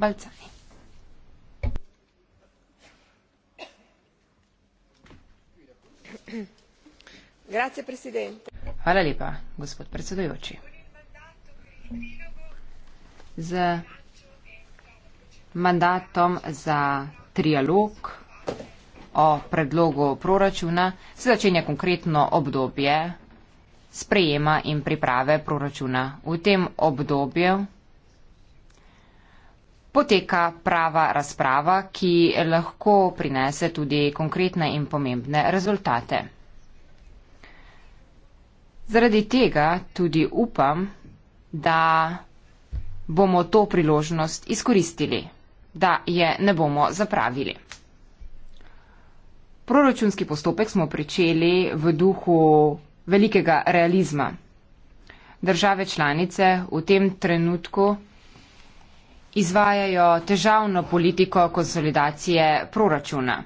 Balzani. Hvala lepa, gospod predsedujoči. Z mandatom za trialog o predlogu proračuna se začenja konkretno obdobje sprejema in priprave proračuna. V tem obdobju poteka prava razprava, ki lahko prinese tudi konkretne in pomembne rezultate. Zaradi tega tudi upam, da bomo to priložnost izkoristili, da je ne bomo zapravili. Proračunski postopek smo pričeli v duhu velikega realizma. Države članice v tem trenutku izvajajo težavno politiko konsolidacije proračuna.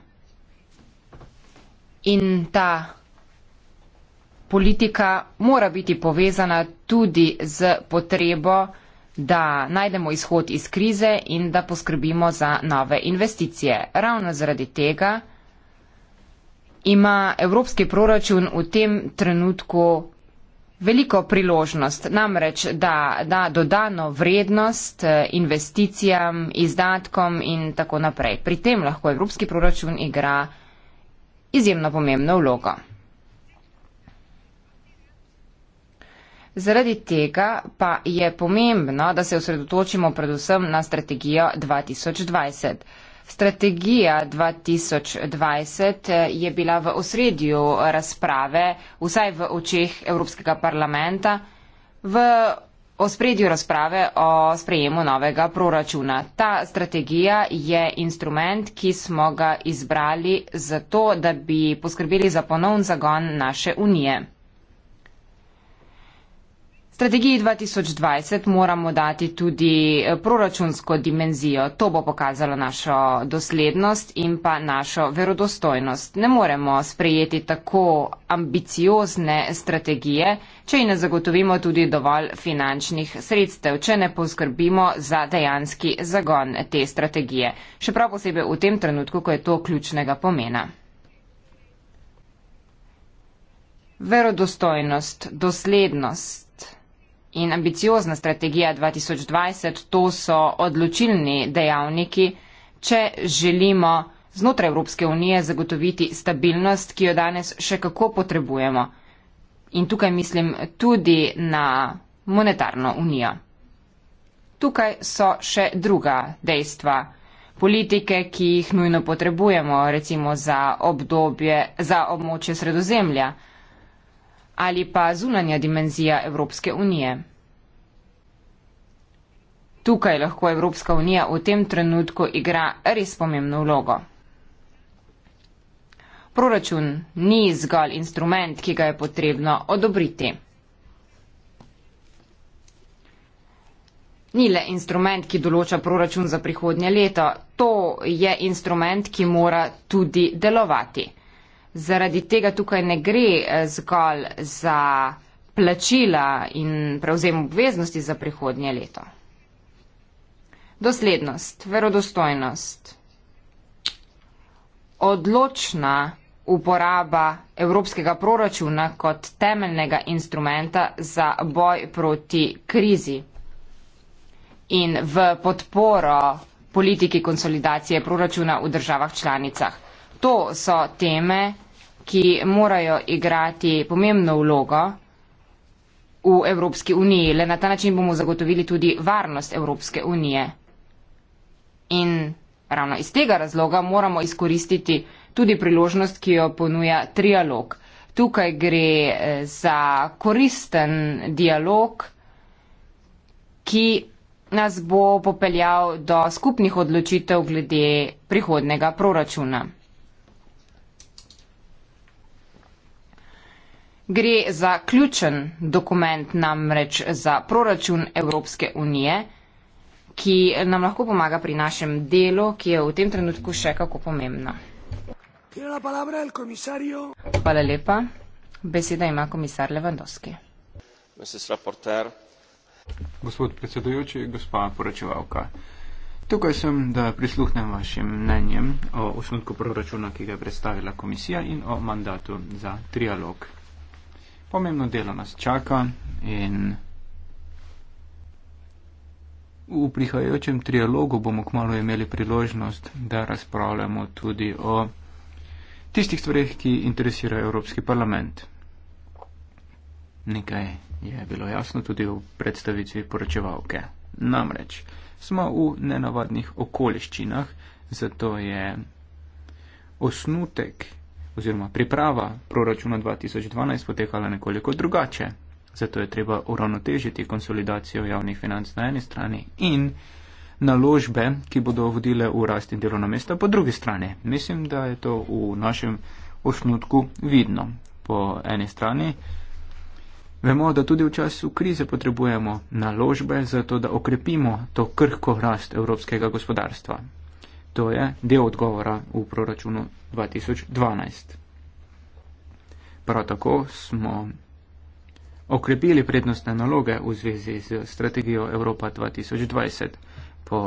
In ta politika mora biti povezana tudi z potrebo, da najdemo izhod iz krize in da poskrbimo za nove investicije. Ravno zaradi tega ima evropski proračun v tem trenutku veliko priložnost, namreč da da dodano vrednost eh, investicijam, izdatkom in tako naprej. Pri tem lahko evropski proračun igra izjemno pomembno vlogo. Zaradi tega pa je pomembno, da se osredotočimo predvsem na strategijo 2020. Strategija 2020 eh, je bila v osredju razprave, vsaj v očeh Evropskega parlamenta, v osredju razprave o sprejemu novega proračuna. Ta strategija je instrument, ki smo ga izbrali zato, da bi poskrbeli za ponovn zagon naše unije. Strategiji 2020 moramo dati tudi eh, proračunsko dimenzijo. To bo pokazalo našo doslednost in pa našo verodostojnost. Ne moremo sprejeti tako ambiciozne strategije, če ji ne zagotovimo tudi dovolj finančnih sredstev, če ne poskrbimo za dejanski zagon te strategije. Še prav posebej v tem trenutku, ko je to ključnega pomena. Verodostojnost, doslednost in ambiciozna strategija 2020, to so odločilni dejavniki, če želimo znotraj Evropske unije zagotoviti stabilnost, ki jo danes še kako potrebujemo. In tukaj mislim tudi na monetarno unijo. Tukaj so še druga dejstva. Politike, ki jih nujno potrebujemo, recimo za obdobje, za območje sredozemlja ali pa zunanja dimenzija Evropske unije. Tukaj lahko Evropska unija v tem trenutku igra res pomembno vlogo. Proračun ni zgolj instrument, ki ga je potrebno odobriti. Ni le instrument, ki določa proračun za prihodnje leto, to je instrument, ki mora tudi delovati zaradi tega tukaj ne gre eh, zgolj za plačila in prevzem obveznosti za prihodnje leto. Doslednost, verodostojnost, odločna uporaba evropskega proračuna kot temeljnega instrumenta za boj proti krizi in v podporo politiki konsolidacije proračuna v državah članicah. To so teme, ki morajo igrati pomembno vlogo v Evropski uniji. Le na ta način bomo zagotovili tudi varnost Evropske unije. In ravno iz tega razloga moramo izkoristiti tudi priložnost, ki jo ponuja trialog. Tukaj gre eh, za koristen dialog, ki nas bo popeljal do skupnih odločitev glede prihodnega proračuna. Gre za ključen dokument namreč za proračun Evropske unije, ki nam lahko pomaga pri našem delu, ki je v tem trenutku še kako pomembno. Hvala lepa. Beseda ima komisar Levandovski. Gospod predsedujoči, gospa poročevalka. Tukaj sem, da prisluhnem vašim mnenjem o osnutku proračuna, ki ga je predstavila komisija in o mandatu za trialog pomembno delo nas čaka in v prihajajočem trialogu bomo kmalo imeli priložnost, da razpravljamo tudi o tistih stvarih, ki interesirajo Evropski parlament. Nekaj je bilo jasno tudi v predstavitvi poročevalke. Namreč smo v nenavadnih okoliščinah, zato je osnutek oziroma priprava proračuna 2012 potekala nekoliko drugače. Zato je treba uravnotežiti konsolidacijo javnih financ na eni strani in naložbe, ki bodo vodile v rast in delovna mesta po drugi strani. Mislim, da je to v našem osnutku vidno. Po eni strani vemo, da tudi v času krize potrebujemo naložbe za to, da okrepimo to krhko rast evropskega gospodarstva. To je del odgovora v proračunu 2012. Prav tako smo okrepili prednostne naloge v zvezi z strategijo Evropa 2020. Po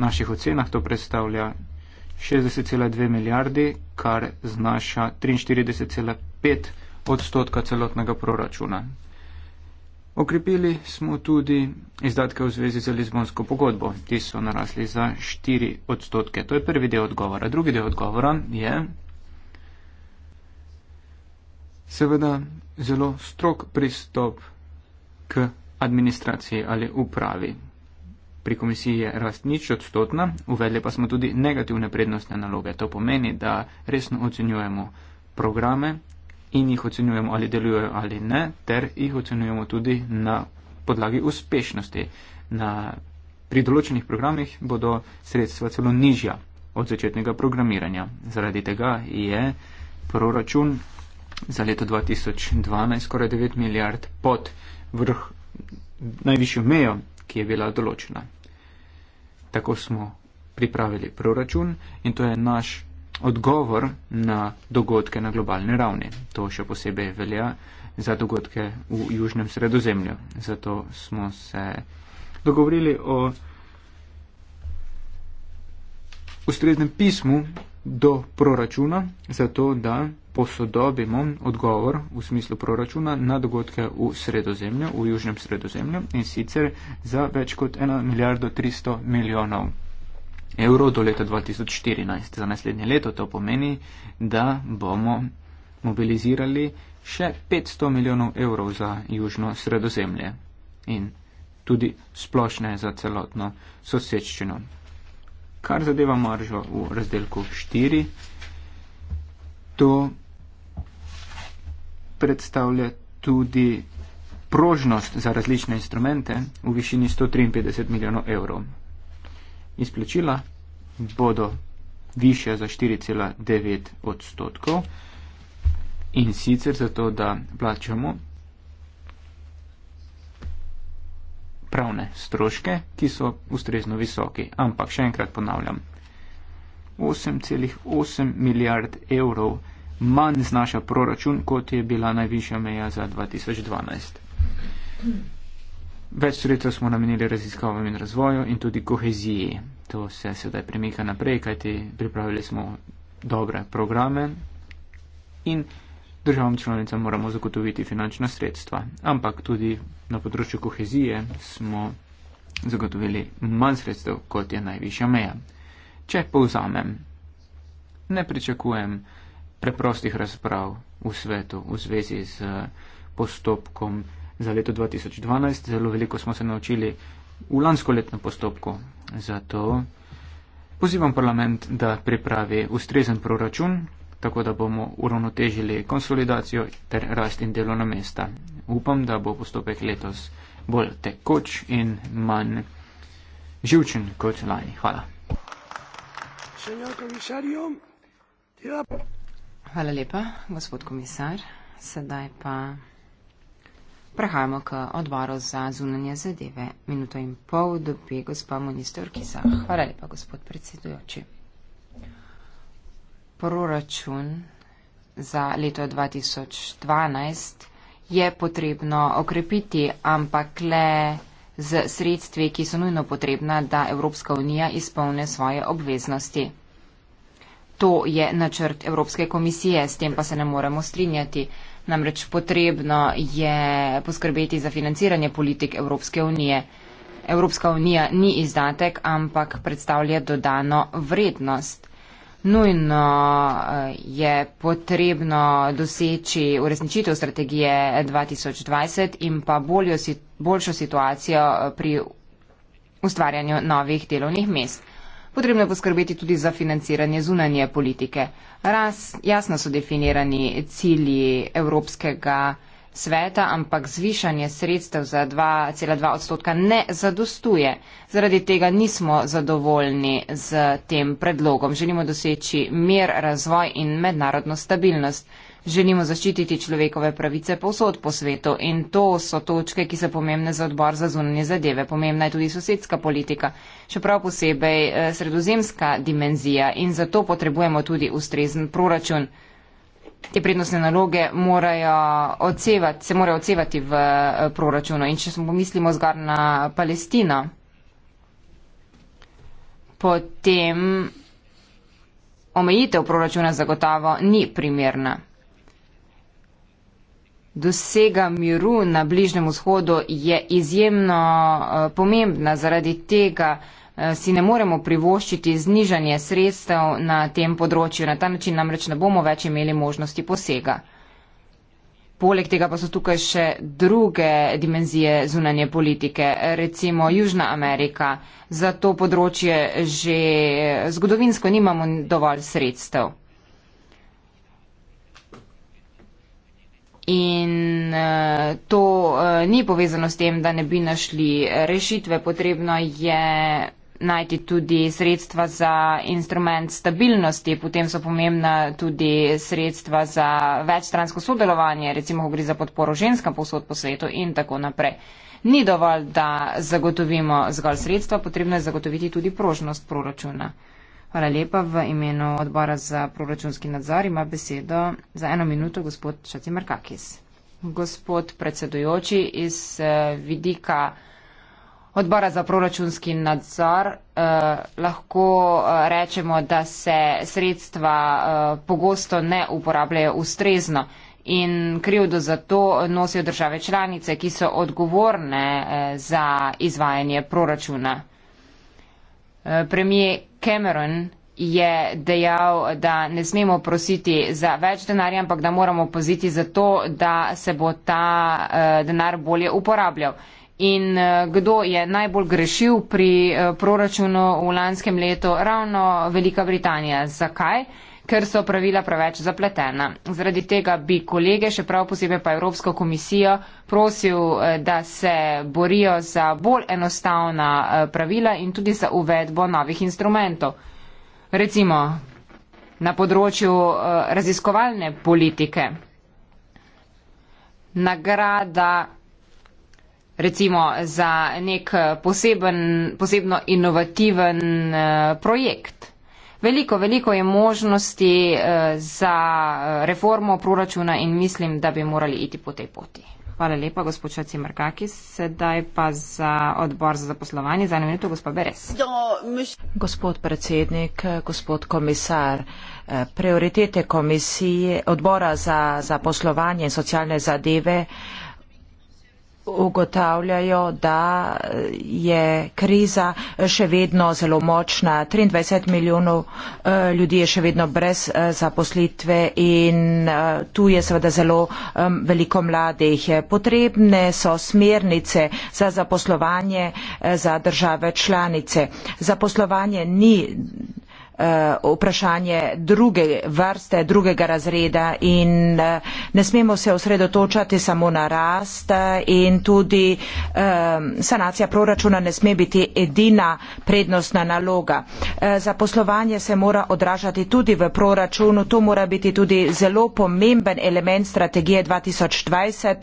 naših ocenah to predstavlja 60,2 milijardi, kar znaša 43,5 odstotka celotnega proračuna. Okrepili smo tudi izdatke v zvezi z Lizbonsko pogodbo. Ti so narasli za 4 odstotke. To je prvi del odgovora. Drugi del odgovora je seveda zelo strok pristop k administraciji ali upravi. Pri komisiji je rast nič odstotna, uvedli pa smo tudi negativne prednostne naloge. To pomeni, da resno ocenjujemo programe, in jih ocenjujemo, ali delujejo ali ne, ter jih ocenjujemo tudi na podlagi uspešnosti. Na, pri določenih programih bodo sredstva celo nižja od začetnega programiranja. Zaradi tega je proračun za leto 2012 skoraj 9 milijard pod vrh najvišjo mejo, ki je bila določena. Tako smo pripravili proračun in to je naš odgovor na dogodke na globalni ravni. To še posebej velja za dogodke v Južnem sredozemlju. Zato smo se dogovorili o ustreznem pismu do proračuna, zato da posodobimo odgovor v smislu proračuna na dogodke v sredozemlju, v južnem sredozemlju in sicer za več kot 1 milijardo 300 milijonov evrov do leta 2014 za naslednje leto. To pomeni, da bomo mobilizirali še 500 milijonov evrov za južno sredozemlje in tudi splošne za celotno sosedščino. Kar zadeva maržo v razdelku 4, to predstavlja tudi prožnost za različne instrumente v višini 153 milijonov evrov izplačila bodo više za 4,9 odstotkov in sicer zato, da plačamo pravne stroške, ki so ustrezno visoki. Ampak še enkrat ponavljam, 8,8 milijard evrov manj znaša proračun, kot je bila najvišja meja za 2012. Več sredstev smo namenili raziskavam in razvoju in tudi koheziji. To se sedaj premika naprej, kajti pripravili smo dobre programe in državam članicam moramo zagotoviti finančna sredstva. Ampak tudi na področju kohezije smo zagotovili manj sredstev, kot je najvišja meja. Če povzamem, ne pričakujem preprostih razprav v svetu v zvezi z postopkom za leto 2012. Zelo veliko smo se naučili v lansko letnem postopku. Zato pozivam parlament, da pripravi ustrezen proračun, tako da bomo uravnotežili konsolidacijo ter rast in delovna mesta. Upam, da bo postopek letos bolj tekoč in manj živčen kot lani. Hvala. Hvala lepa, gospod komisar. Sedaj pa Prehajamo k odboru za zunanje zadeve. Minuto in pol dobi gospod minister Kisa. Hvala lepa, gospod predsedujoči. Proračun za leto 2012 je potrebno okrepiti, ampak le z sredstvi, ki so nujno potrebna, da Evropska unija izpolne svoje obveznosti. To je načrt Evropske komisije, s tem pa se ne moremo strinjati. Namreč potrebno je poskrbeti za financiranje politik Evropske unije. Evropska unija ni izdatek, ampak predstavlja dodano vrednost. Nujno eh, je potrebno doseči uresničitev strategije 2020 in pa boljo, boljšo situacijo eh, pri ustvarjanju novih delovnih mest potrebno je poskrbeti tudi za financiranje zunanje politike. Raz, jasno so definirani cilji Evropskega sveta, ampak zvišanje sredstev za 2,2 odstotka ne zadostuje. Zaradi tega nismo zadovoljni z tem predlogom. Želimo doseči mir, razvoj in mednarodno stabilnost. Želimo zaščititi človekove pravice posod po svetu in to so točke, ki so pomembne za odbor za zunanje zadeve. Pomembna je tudi sosedska politika, še prav posebej eh, sredozemska dimenzija in zato potrebujemo tudi ustrezen proračun. Te prednostne naloge morajo odsevati, se morajo odsevati v eh, proračunu in če smo pomislimo zgar na Palestino, potem omejitev proračuna zagotavo ni primerna dosega miru na Bližnem vzhodu je izjemno eh, pomembna. Zaradi tega eh, si ne moremo privoščiti znižanje sredstev na tem področju. Na ta način namreč ne bomo več imeli možnosti posega. Poleg tega pa so tukaj še druge dimenzije zunanje politike, recimo Južna Amerika. Za to področje že eh, zgodovinsko nimamo dovolj sredstev. In uh, to uh, ni povezano s tem, da ne bi našli rešitve. Potrebno je najti tudi sredstva za instrument stabilnosti, potem so pomembna tudi sredstva za večstransko sodelovanje, recimo, ko gre za podporo ženskam posod po svetu in tako naprej. Ni dovolj, da zagotovimo zgolj sredstva, potrebno je zagotoviti tudi prožnost proračuna. Hvala lepa. V imenu odbora za proračunski nadzor ima besedo za eno minuto gospod Šacimarkakis. Gospod predsedujoči, iz eh, vidika odbora za proračunski nadzor eh, lahko eh, rečemo, da se sredstva eh, pogosto ne uporabljajo ustrezno in krivdo za to nosijo države članice, ki so odgovorne eh, za izvajanje proračuna. Premijer Cameron je dejal, da ne smemo prositi za več denarja, ampak da moramo poziti za to, da se bo ta eh, denar bolje uporabljal. In eh, kdo je najbolj grešil pri eh, proračunu v lanskem letu? Ravno Velika Britanija. Zakaj? ker so pravila preveč zapletena. Zaradi tega bi kolege, še prav posebej pa Evropsko komisijo, prosil, eh, da se borijo za bolj enostavna eh, pravila in tudi za uvedbo novih instrumentov. Recimo na področju eh, raziskovalne politike. Nagrada recimo za nek poseben, posebno inovativen projekt veliko, veliko je možnosti eh, za eh, reformo proračuna in mislim, da bi morali iti po tej poti. Hvala lepa, gospod Šaci Markakis. Sedaj pa za odbor za zaposlovanje, za eno minuto, gospod Beres. Gospod predsednik, gospod komisar, eh, prioritete komisije, odbora za zaposlovanje in socialne zadeve ugotavljajo, da je kriza še vedno zelo močna. 23 milijonov eh, ljudi je še vedno brez eh, zaposlitve in eh, tu je seveda zelo veliko mladih. Potrebne so smernice za zaposlovanje za države članice. Zaposlovanje ni Eh, vprašanje druge vrste, drugega razreda in eh, ne smemo se osredotočati samo na rast eh, in tudi sanacija proračuna ne sme biti edina prednostna naloga. Zaposlovanje se mora odražati tudi v proračunu, to mora biti tudi zelo pomemben element strategije 2020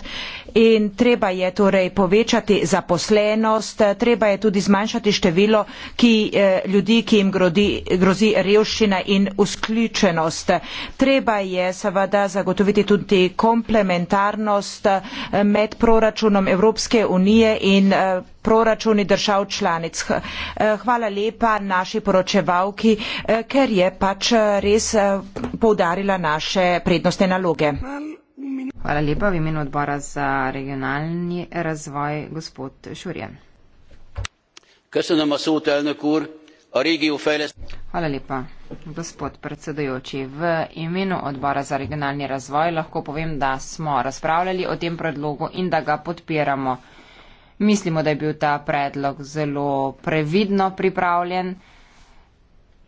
in treba je torej povečati zaposlenost, treba je tudi zmanjšati število ki, ljudi, ki jim grozi, grozi skozi revščina in usključenost. Treba je seveda zagotoviti tudi komplementarnost eh, med proračunom Evropske unije in eh, proračuni držav članic. Eh, hvala lepa naši poročevalki, ker je pač res poudarila naše prednostne naloge. Hvala lepa v imenu odbora za regionalni razvoj, gospod Šurjen. Köszönöm a szót, elnök úr! regijo fejlesti. Hvala lepa, gospod predsedujoči. V imenu odbora za regionalni razvoj lahko povem, da smo razpravljali o tem predlogu in da ga podpiramo. Mislimo, da je bil ta predlog zelo previdno pripravljen.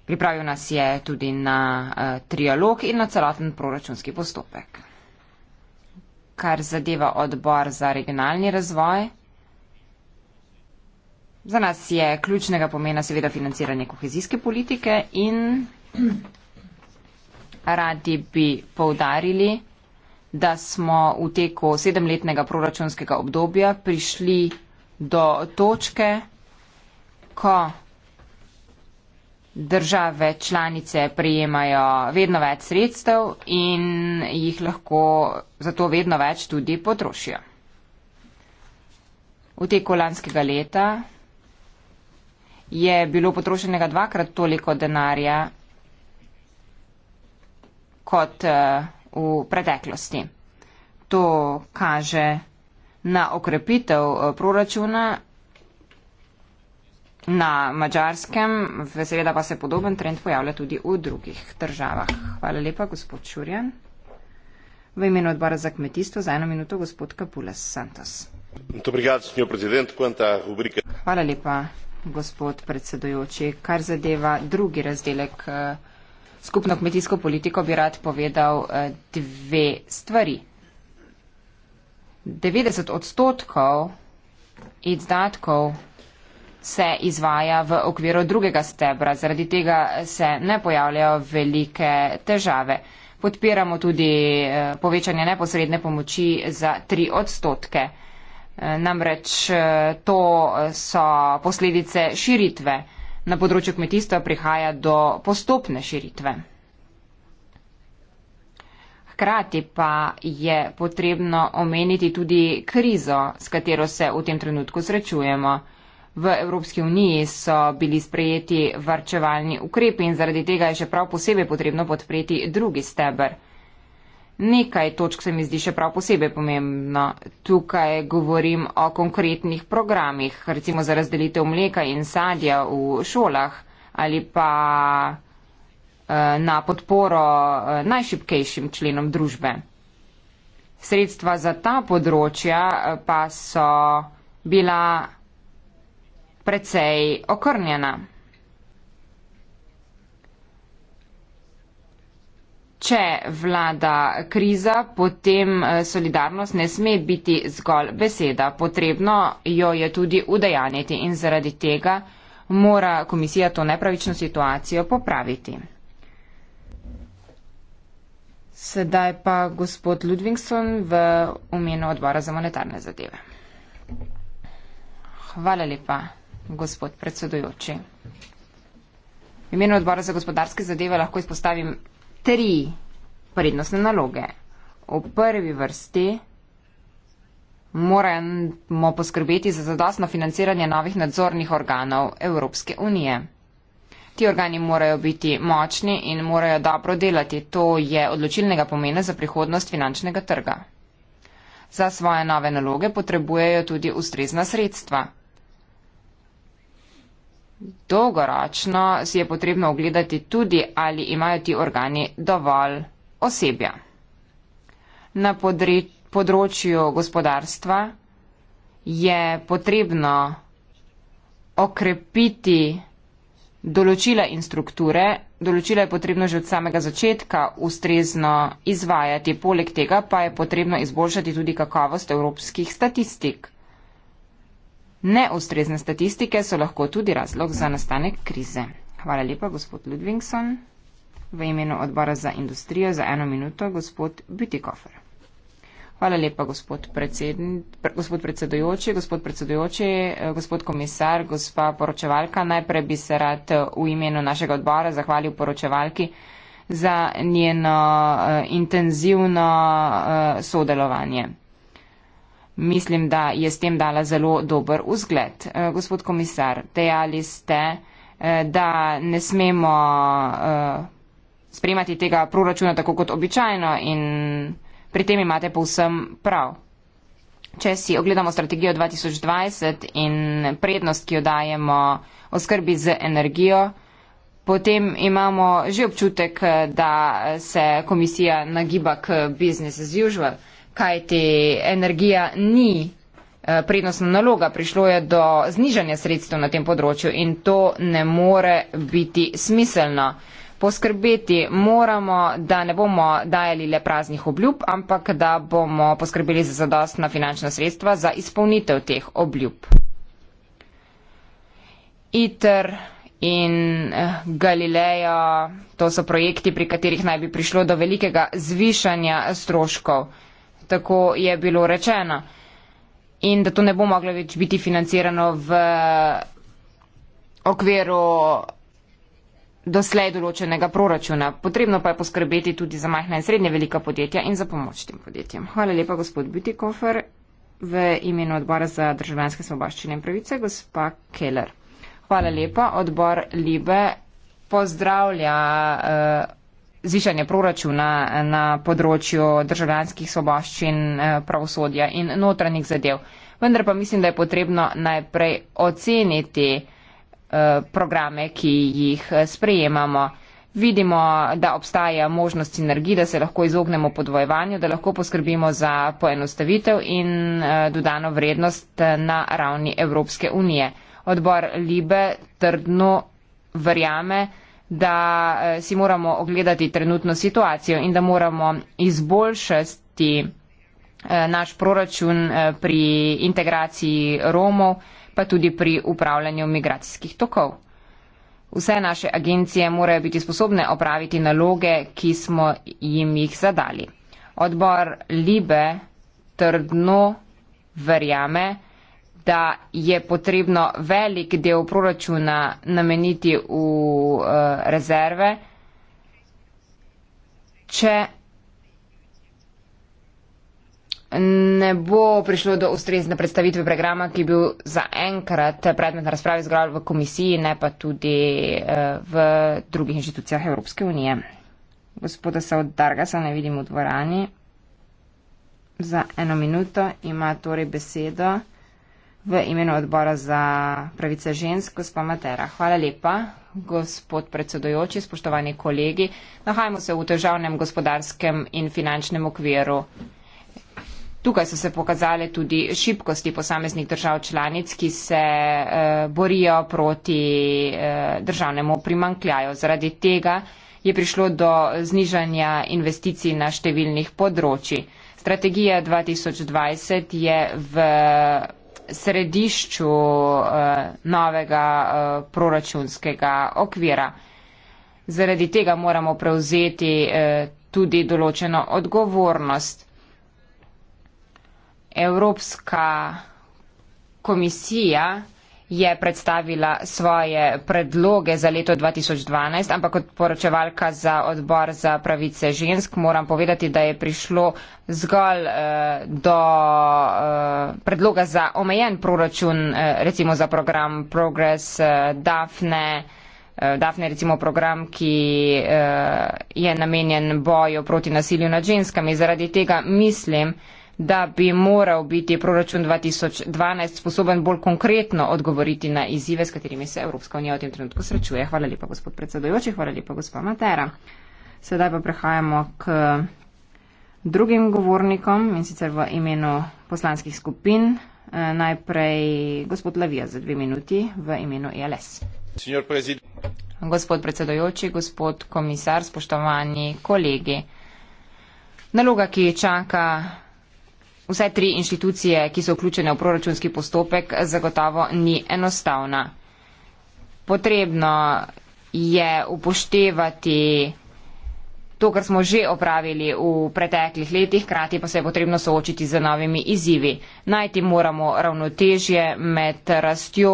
Pripravil nas je tudi na uh, trialog in na celoten proračunski postopek. Kar zadeva odbor za regionalni razvoj, Za nas je ključnega pomena seveda financiranje kohezijske politike in radi bi povdarili, da smo v teku sedemletnega proračunskega obdobja prišli do točke, ko države članice prijemajo vedno več sredstev in jih lahko zato vedno več tudi potrošijo. V teku lanskega leta je bilo potrošenega dvakrat toliko denarja kot eh, v preteklosti. To kaže na okrepitev eh, proračuna na mačarskem, seveda pa se podoben trend pojavlja tudi v drugih državah. Hvala lepa, gospod Šurjan. V imenu odbora za kmetijstvo za eno minuto gospod Kapules Santos. Hvala lepa gospod predsedujoči. Kar zadeva drugi razdelek eh, skupno kmetijsko politiko, bi rad povedal eh, dve stvari. 90 odstotkov izdatkov se izvaja v okviru drugega stebra, zaradi tega se ne pojavljajo velike težave. Podpiramo tudi eh, povečanje neposredne pomoči za 3 odstotke. Namreč eh, to eh, so posledice širitve. Na področju kmetijstva prihaja do postopne širitve. Hkrati pa je potrebno omeniti tudi krizo, s katero se v tem trenutku srečujemo. V Evropski uniji so bili sprejeti varčevalni ukrepi in zaradi tega je še prav posebej potrebno podpreti drugi stebr. Nekaj točk se mi zdi še prav posebej pomembno. Tukaj govorim o konkretnih programih, recimo za razdelitev mleka in sadja v šolah ali pa eh, na podporo eh, najšipkejšim členom družbe. Sredstva za ta področja eh, pa so bila precej okrnjena. če vlada kriza, potem eh, solidarnost ne sme biti zgolj beseda. Potrebno jo je tudi udejanjiti in zaradi tega mora komisija to nepravično situacijo popraviti. Sedaj pa gospod Ludvingson v umenu odbora za monetarne zadeve. Hvala lepa, gospod predsedujoči. V imenu odbora za gospodarske zadeve lahko izpostavim tri prednostne naloge. V prvi vrsti moramo poskrbeti za zadostno financiranje novih nadzornih organov Evropske unije. Ti organi morajo biti močni in morajo dobro delati. To je odločilnega pomena za prihodnost finančnega trga. Za svoje nove naloge potrebujejo tudi ustrezna sredstva. Dolgoročno si je potrebno ogledati tudi, ali imajo ti organi dovolj osebja. Na področju gospodarstva je potrebno okrepiti določila in strukture. Določila je potrebno že od samega začetka ustrezno izvajati. Poleg tega pa je potrebno izboljšati tudi kakovost evropskih statistik. Neustrezne statistike so lahko tudi razlog za nastanek krize. Hvala lepa, gospod Ludvigson. V imenu odbora za industrijo za eno minuto, gospod Bütikofer. Hvala lepa, gospod, predsedn, pre, gospod predsedujoči, gospod predsedujoči, eh, gospod komisar, gospa poročevalka. Najprej bi se rad eh, v imenu našega odbora zahvalil poročevalki za njeno uh, intenzivno uh, sodelovanje mislim, da je s tem dala zelo dober vzgled. Eh, gospod komisar, dejali ste, eh, da ne smemo eh, sprejemati tega proračuna tako kot običajno in pri tem imate povsem prav. Če si ogledamo strategijo 2020 in prednost, ki jo dajemo oskrbi z energijo, potem imamo že občutek, da se komisija nagiba k business as usual kajti energija ni eh, prednostna naloga, prišlo je do znižanja sredstev na tem področju in to ne more biti smiselno. Poskrbeti moramo, da ne bomo dajali le praznih obljub, ampak da bomo poskrbeli za zadostna finančna sredstva za izpolnitev teh obljub. ITER in eh, Galileo, to so projekti, pri katerih naj bi prišlo do velikega zvišanja stroškov tako je bilo rečeno. In da to ne bo moglo več biti financirano v okviru doslej določenega proračuna. Potrebno pa je poskrbeti tudi za majhna in srednje velika podjetja in za pomoč tem podjetjem. Hvala lepa, gospod Butikofer, v imenu odbora za državljanske svoboščine in pravice, gospa Keller. Hvala lepa, odbor Libe pozdravlja. Uh, zvišanje proračuna na področju državljanskih svoboščin, eh, pravosodja in notranjih zadev. Vendar pa mislim, da je potrebno najprej oceniti eh, programe, ki jih eh, sprejemamo. Vidimo, da obstaja možnost sinergij, da se lahko izognemo podvojevanju, da lahko poskrbimo za poenostavitev in dodano vrednost na ravni Evropske unije. Odbor Libe trdno verjame, da eh, si moramo ogledati trenutno situacijo in da moramo izboljšati eh, naš proračun eh, pri integraciji Romov, pa tudi pri upravljanju migracijskih tokov. Vse naše agencije morajo biti sposobne opraviti naloge, ki smo jim jih zadali. Odbor Libe trdno verjame, da je potrebno velik del proračuna nameniti v uh, rezerve, če ne bo prišlo do ustrezne predstavitve programa, ki je bil zaenkrat predmet na razpravi zgolj v komisiji, ne pa tudi uh, v drugih inštitucijah Evropske unije. Gospoda Saudarga se ne vidim v dvorani. Za eno minuto ima torej besedo v imenu odbora za pravice žensk, gospa Matera. Hvala lepa, gospod predsedojoči, spoštovani kolegi. Nahajamo se v državnem gospodarskem in finančnem okviru. Tukaj so se pokazale tudi šibkosti posameznih držav članic, ki se eh, borijo proti eh, državnemu primankljaju. Zaradi tega je prišlo do znižanja investicij na številnih področji. Strategija 2020 je v središču eh, novega eh, proračunskega okvira. Zaradi tega moramo prevzeti eh, tudi določeno odgovornost. Evropska komisija je predstavila svoje predloge za leto 2012, ampak kot poročevalka za odbor za pravice žensk moram povedati, da je prišlo zgolj eh, do eh, predloga za omejen proračun, eh, recimo za program Progress, eh, Dafne, eh, Dafne recimo program, ki eh, je namenjen boju proti nasilju nad ženskami. Zaradi tega mislim, da bi moral biti proračun 2012 sposoben bolj konkretno odgovoriti na izzive, s katerimi se Evropska unija v tem trenutku srečuje. Hvala lepa, gospod predsedojoči, hvala lepa, gospod Matera. Sedaj pa prehajamo k drugim govornikom in sicer v imenu poslanskih skupin. Eh, najprej gospod Levija za dve minuti v imenu ILS. E gospod predsedojoči, gospod komisar, spoštovani kolegi. Naloga, ki čaka vsaj tri inštitucije, ki so vključene v proračunski postopek, zagotovo ni enostavna. Potrebno je upoštevati to, kar smo že opravili v preteklih letih, krati pa se je potrebno soočiti z novimi izzivi. Najti moramo ravnotežje med rastjo,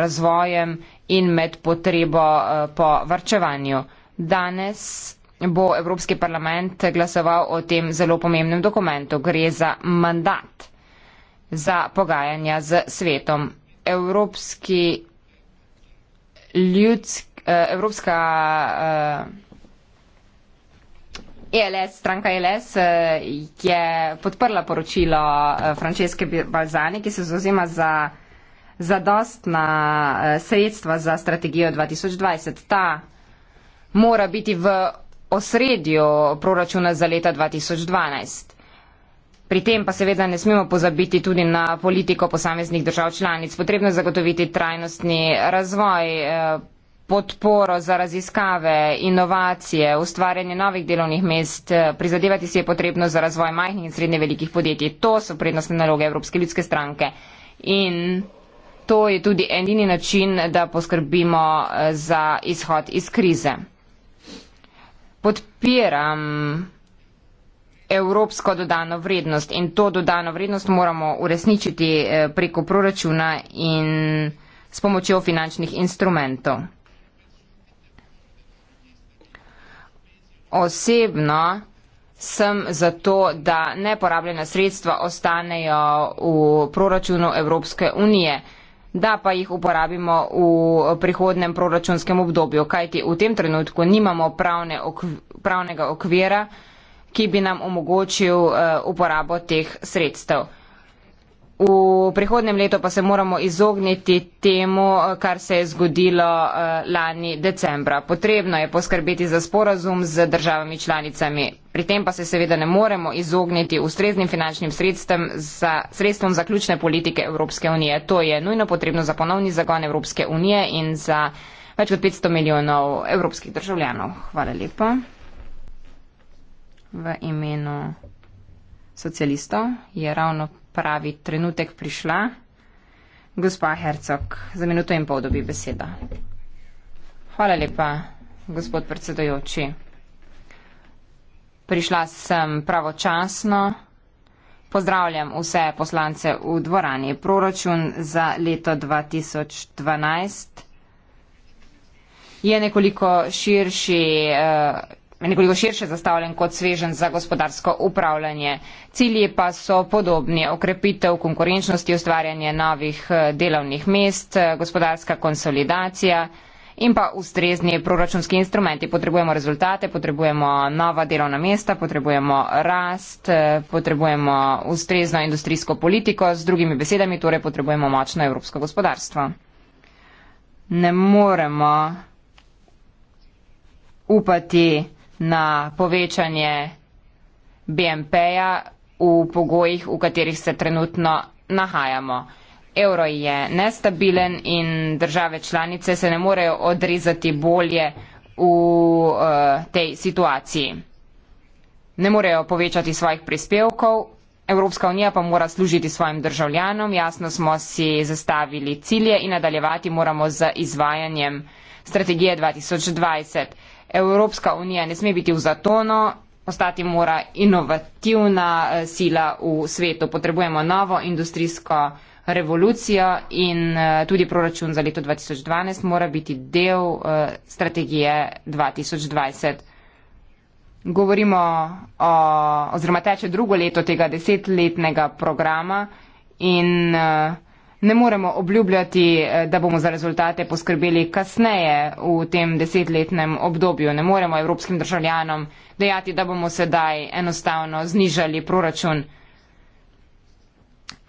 razvojem in med potrebo eh, po varčevanju. Danes bo Evropski parlament glasoval o tem zelo pomembnem dokumentu. Gre za mandat za pogajanja z svetom. Evropski ljudsk, eh, Evropska ELS, eh, e stranka ELS eh, je podprla poročilo Franceske Balzani, ki se zauzema za zadostna sredstva za strategijo 2020. Ta mora biti v osredju proračuna za leta 2012. Pri tem pa seveda ne smemo pozabiti tudi na politiko posameznih držav članic. Potrebno je zagotoviti trajnostni razvoj, eh, podporo za raziskave, inovacije, ustvarjanje novih delovnih mest, eh, prizadevati se je potrebno za razvoj majhnih in srednje velikih podjetij. To so prednostne naloge Evropske ljudske stranke. In to je tudi edini način, da poskrbimo eh, za izhod iz krize podpiram evropsko dodano vrednost in to dodano vrednost moramo uresničiti eh, preko proračuna in s pomočjo finančnih instrumentov. Osebno sem za to, da neporabljena sredstva ostanejo v proračunu Evropske unije da pa jih uporabimo v prihodnem proračunskem obdobju, kajti v tem trenutku nimamo pravne okv pravnega okvira, ki bi nam omogočil uh, uporabo teh sredstev. V prihodnem letu pa se moramo izogniti temu, kar se je zgodilo eh, lani decembra. Potrebno je poskrbeti za sporazum z državami članicami. Pri tem pa se seveda ne moremo izogniti ustreznim finančnim sredstvom za, sredstvom za ključne politike Evropske unije. To je nujno potrebno za ponovni zagon Evropske unije in za več kot 500 milijonov evropskih državljanov. Hvala lepa. V imenu socialistov je ravno pravi trenutek prišla. Gospa Hercog, za minuto in pol dobi besedo. Hvala lepa, gospod predsedojoči. Prišla sem pravočasno. Pozdravljam vse poslance v dvorani. Proračun za leto 2012 je nekoliko širši. Uh, nekoliko širše zastavljen kot svežen za gospodarsko upravljanje. Cilji pa so podobni. Okrepitev konkurenčnosti, ustvarjanje novih eh, delovnih mest, eh, gospodarska konsolidacija in pa ustrezni proračunski instrumenti. Potrebujemo rezultate, potrebujemo nova delovna mesta, potrebujemo rast, eh, potrebujemo ustrezno industrijsko politiko, z drugimi besedami torej potrebujemo močno evropsko gospodarstvo. Ne moremo upati, na povečanje BNP-ja v pogojih, v katerih se trenutno nahajamo. Evro je nestabilen in države članice se ne morejo odrezati bolje v uh, tej situaciji. Ne morejo povečati svojih prispevkov, Evropska unija pa mora služiti svojim državljanom. Jasno smo si zastavili cilje in nadaljevati moramo z izvajanjem strategije 2020. Evropska unija ne sme biti v zatonu, postati mora inovativna eh, sila v svetu. Potrebujemo novo industrijsko revolucijo in eh, tudi proračun za leto 2012 mora biti del eh, strategije 2020. Govorimo o, oziroma teče drugo leto tega desetletnega programa in uh, ne moremo obljubljati, eh, da bomo za rezultate poskrbeli kasneje v tem desetletnem obdobju. Ne moremo evropskim državljanom dejati, da bomo sedaj enostavno znižali proračun.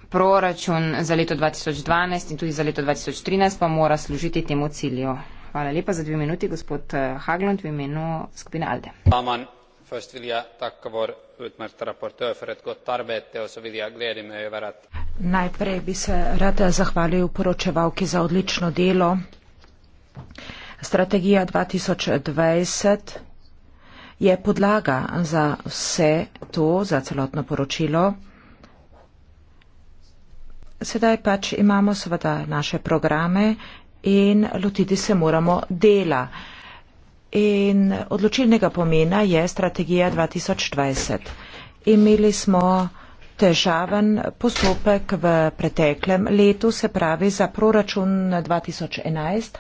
Proračun za leto 2012 in tudi za leto 2013 pa mora služiti temu cilju. Hvala lepa za dve minuti, gospod eh, Haglund, v imenu skupine Alde. Amen. Först vill jag tacka vår utmärkta rapportör för ett gott arbete och så vill jag glädja mig över att Najprej bi se rada zahvalil poročevalki za odlično delo. Strategija 2020 je podlaga za vse to, za celotno poročilo. Sedaj pač imamo seveda naše programe in lotiti se moramo dela. In odločilnega pomena je strategija 2020. Imeli smo težaven postopek v preteklem letu, se pravi za proračun 2011.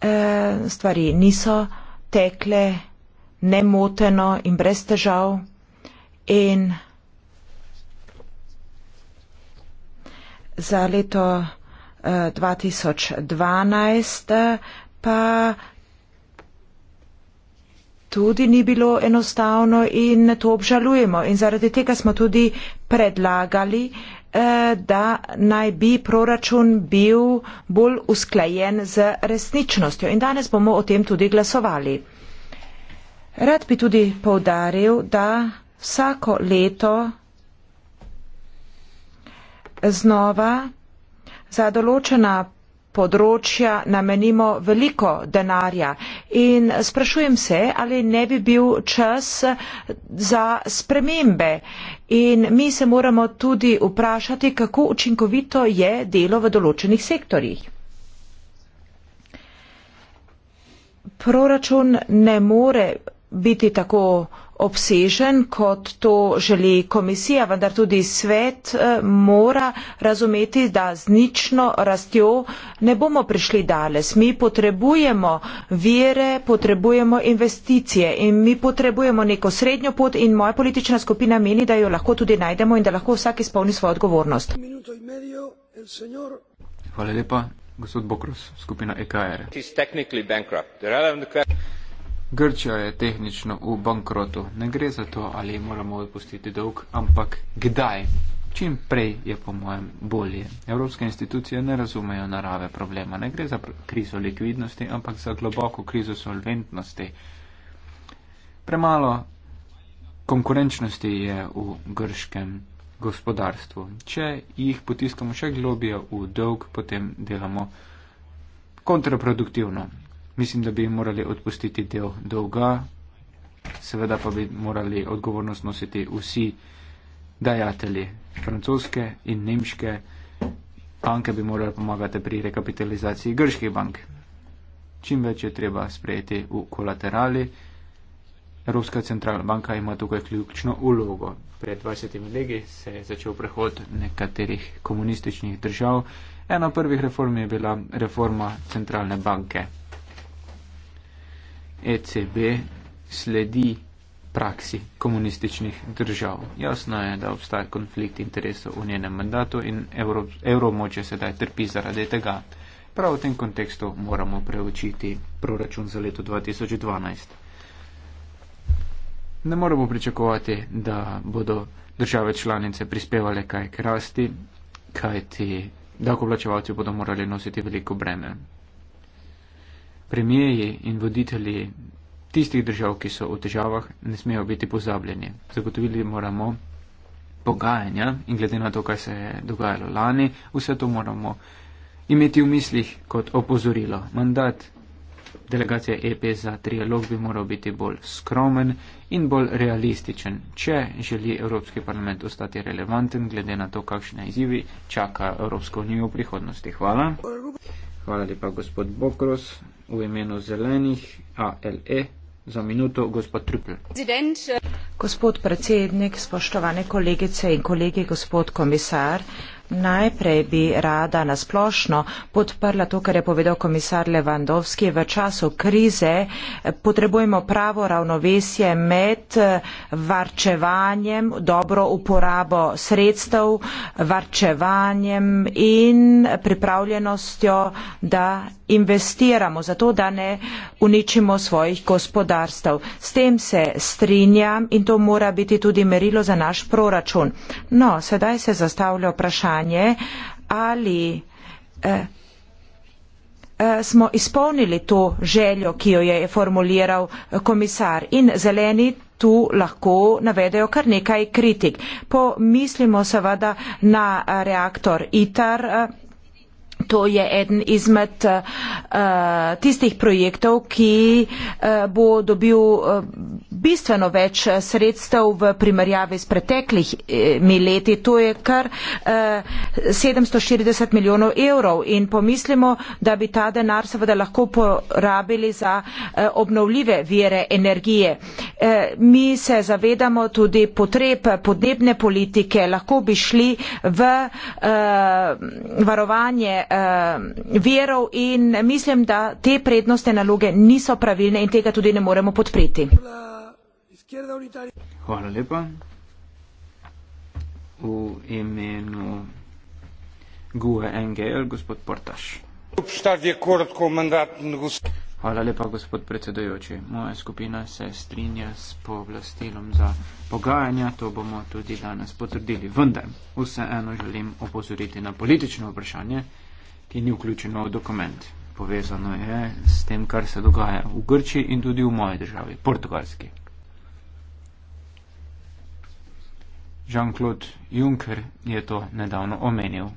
E, eh, stvari niso tekle nemoteno in brez težav in za leto 2012 eh, pa tudi ni bilo enostavno in to obžalujemo. In zaradi tega smo tudi predlagali, eh, da naj bi proračun bil bolj usklajen z resničnostjo. In danes bomo o tem tudi glasovali. Rad bi tudi povdaril, da vsako leto znova za določena področja namenimo veliko denarja in sprašujem se, ali ne bi bil čas za spremembe. In mi se moramo tudi vprašati, kako učinkovito je delo v določenih sektorjih. Proračun ne more biti tako obsežen, kot to želi komisija, vendar tudi svet eh, mora razumeti, da z nično rastjo ne bomo prišli dales. Mi potrebujemo vire, potrebujemo investicije in mi potrebujemo neko srednjo pot in moja politična skupina meni, da jo lahko tudi najdemo in da lahko vsak izpolni svojo odgovornost. Hvala lepa. Gospod Bokros, skupina EKR. Grčija je tehnično v bankrotu. Ne gre za to, ali moramo odpustiti dolg, ampak kdaj. Čim prej je po mojem bolje. Evropske institucije ne razumejo narave problema. Ne gre za krizo likvidnosti, ampak za globoko krizo solventnosti. Premalo konkurenčnosti je v grškem gospodarstvu. Če jih potiskamo še globije v dolg, potem delamo kontraproduktivno. Mislim, da bi jim morali odpustiti del dolga, seveda pa bi morali odgovornost nositi vsi dajatelji, francoske in nemške banke bi morali pomagati pri rekapitalizaciji grških bank. Čim več je treba sprejeti v kolaterali. Evropska centralna banka ima tukaj ključno ulogo. Pred 20 leti se je začel prehod nekaterih komunističnih držav. Ena prvih reform je bila reforma centralne banke. ECB sledi praksi komunističnih držav. Jasno je, da obstaja konflikt interesov v njenem mandatu in evromoče evro sedaj trpi zaradi tega. Prav v tem kontekstu moramo preučiti proračun za leto 2012. Ne moremo pričakovati, da bodo države članice prispevale kaj k rasti, kajti davkoplačevalci bodo morali nositi veliko breme premijeji in voditelji tistih držav, ki so v težavah, ne smejo biti pozabljeni. Zagotovili moramo pogajanja in glede na to, kaj se je dogajalo lani, vse to moramo imeti v mislih kot opozorilo. Mandat delegacije EP za trialog bi moral biti bolj skromen in bolj realističen, če želi Evropski parlament ostati relevanten glede na to, kakšne izzivi čaka Evropsko unijo v prihodnosti. Hvala. Hvala lepa, gospod Bokros v imenu zelenih ALE za minuto gospod Trupel. Eh, gospod predsednik, spoštovane kolegice in kolegi, gospod komisar, Najprej bi rada nasplošno podprla to, kar je povedal komisar Levandovski. V času krize eh, potrebujemo pravo ravnovesje med eh, varčevanjem, dobro uporabo sredstev, varčevanjem in pripravljenostjo, da investiramo zato, da ne uničimo svojih gospodarstv. S tem se strinjam in to mora biti tudi merilo za naš proračun. No, sedaj se zastavlja vprašanje vprašanje, ali eh, eh, smo izpolnili to željo, ki jo je formuliral eh, komisar. In zeleni tu lahko navedajo kar nekaj kritik. Pomislimo seveda na reaktor ITER. To je eden izmed uh, tistih projektov, ki uh, bo dobil uh, bistveno več sredstev v primerjavi s preteklimi leti. To je kar uh, 740 milijonov evrov in pomislimo, da bi ta denar seveda lahko porabili za uh, obnovljive vire energije. Uh, mi se zavedamo tudi potreb podnebne politike, lahko bi šli v uh, varovanje uh, Eh, verov in mislim, da te prednostne naloge niso pravilne in tega tudi ne moremo podpreti. Hvala lepa. V imenu GUE NGL, gospod Portaš. Hvala lepa, gospod predsedojoči. Moja skupina se strinja s povlastilom za pogajanja, to bomo tudi danes potrdili. Vendar, vseeno želim opozoriti na politično vprašanje ki ni vključeno v dokument. Povezano je s tem, kar se dogaja v Grčiji in tudi v moji državi, Portugalski. Jean-Claude Juncker je to nedavno omenil.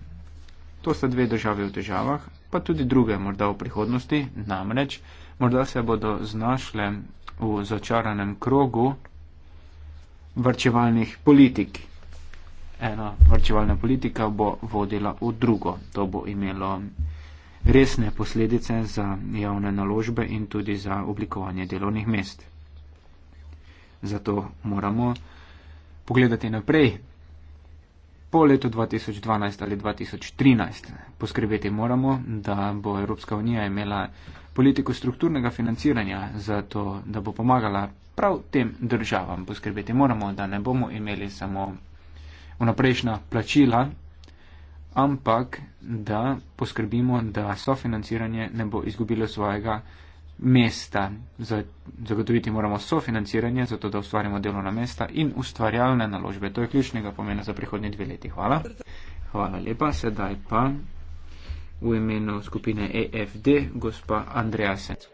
To sta dve države v težavah, pa tudi druge morda v prihodnosti, namreč morda se bodo znašle v začaranem krogu varčevalnih politik ena vrčevalna politika bo vodila v drugo. To bo imelo resne posledice za javne naložbe in tudi za oblikovanje delovnih mest. Zato moramo pogledati naprej. Po letu 2012 ali 2013 poskrbeti moramo, da bo Evropska unija imela politiko strukturnega financiranja za to, da bo pomagala prav tem državam. Poskrbeti moramo, da ne bomo imeli samo vnaprejšnja plačila, ampak da poskrbimo, da sofinanciranje ne bo izgubilo svojega mesta. Zagotoviti moramo sofinanciranje, zato da ustvarjamo delovna mesta in ustvarjalne naložbe. To je ključnega pomena za prihodnje dve leti. Hvala. Hvala lepa. Sedaj pa v imenu skupine EFD, gospa Andreja Sec.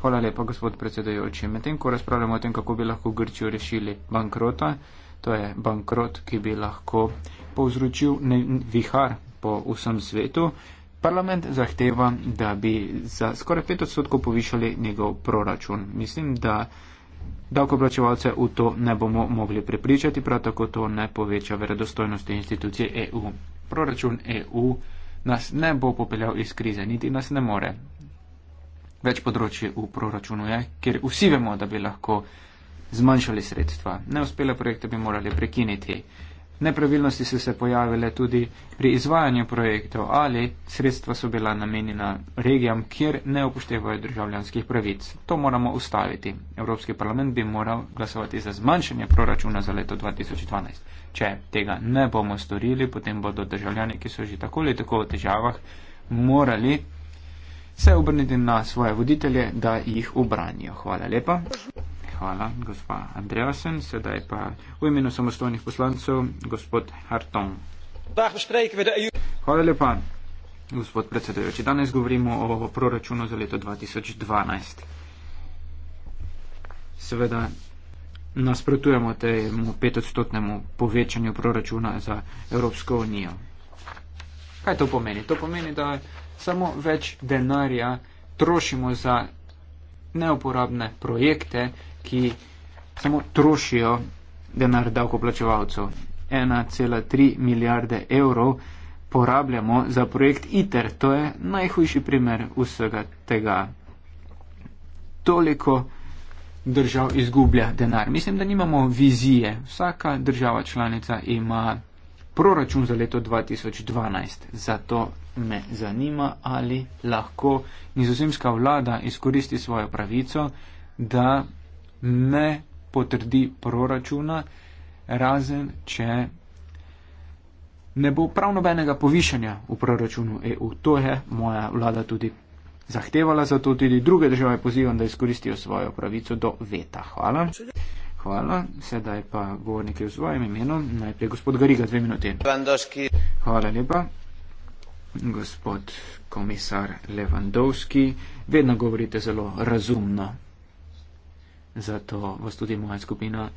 Hvala lepa, gospod predsedajoči. Medtem, ko razpravljamo o tem, kako bi lahko Grčijo rešili bankrota, To je bankrot, ki bi lahko povzročil vihar po vsem svetu. Parlament zahteva, da bi za skoraj 5 odstotkov povišali njegov proračun. Mislim, da davkoplačevalce v to ne bomo mogli prepričati, prav tako to ne poveča verodostojnosti institucije EU. Proračun EU nas ne bo popeljal iz krize, niti nas ne more. Več področje v proračunu je, kjer vsi vemo, da bi lahko zmanjšali sredstva. Neuspele projekte bi morali prekiniti. Nepravilnosti so se pojavile tudi pri izvajanju projektov ali sredstva so bila namenjena regijam, kjer ne upoštevajo državljanskih pravic. To moramo ustaviti. Evropski parlament bi moral glasovati za zmanjšanje proračuna za leto 2012. Če tega ne bomo storili, potem bodo državljani, ki so že tako ali tako v težavah, morali se obrniti na svoje voditelje, da jih obranijo. Hvala lepa hvala, gospa Andreasen. Sedaj pa v imenu samostojnih poslancev, gospod Harton. Hvala lepa, gospod predsedujoči. Danes govorimo o proračunu za leto 2012. Seveda nasprotujemo temu petodstotnemu povečanju proračuna za Evropsko unijo. Kaj to pomeni? To pomeni, da samo več denarja trošimo za neuporabne projekte, ki samo trošijo denar davkoplačevalcev. 1,3 milijarde evrov porabljamo za projekt ITER. To je najhujši primer vsega tega. Toliko držav izgublja denar. Mislim, da nimamo vizije. Vsaka država članica ima proračun za leto 2012. Zato me zanima, ali lahko nizozemska vlada izkoristi svojo pravico, da ne potrdi proračuna, razen če ne bo prav nobenega povišanja v proračunu EU. To je moja vlada tudi zahtevala, zato tudi druge države pozivam, da izkoristijo svojo pravico do veta. Hvala. Hvala, sedaj pa govornik je v svojem imenu. Najprej gospod Gariga, dve minute. Hvala lepa. Gospod komisar Levandovski, vedno govorite zelo razumno zato vas tudi moja skupina